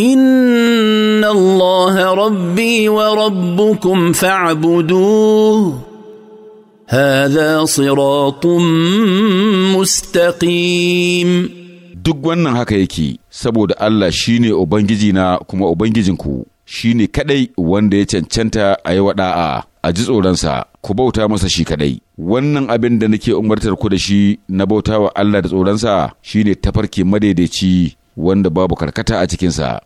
ان الله ربي وربكم فاعبدوه هذا صراط مستقيم duk wannan haka yake saboda Allah shine ubangiji na kuma ubangijinku shine kadai wanda ya cancanta a yi wada'a a ji tsoronsa ku bauta masa shi kadai wannan abin da nake umartar ku da shi na bautawa Allah da tsoronsa shine tafarki madaidaici wanda babu karkata a cikinsa.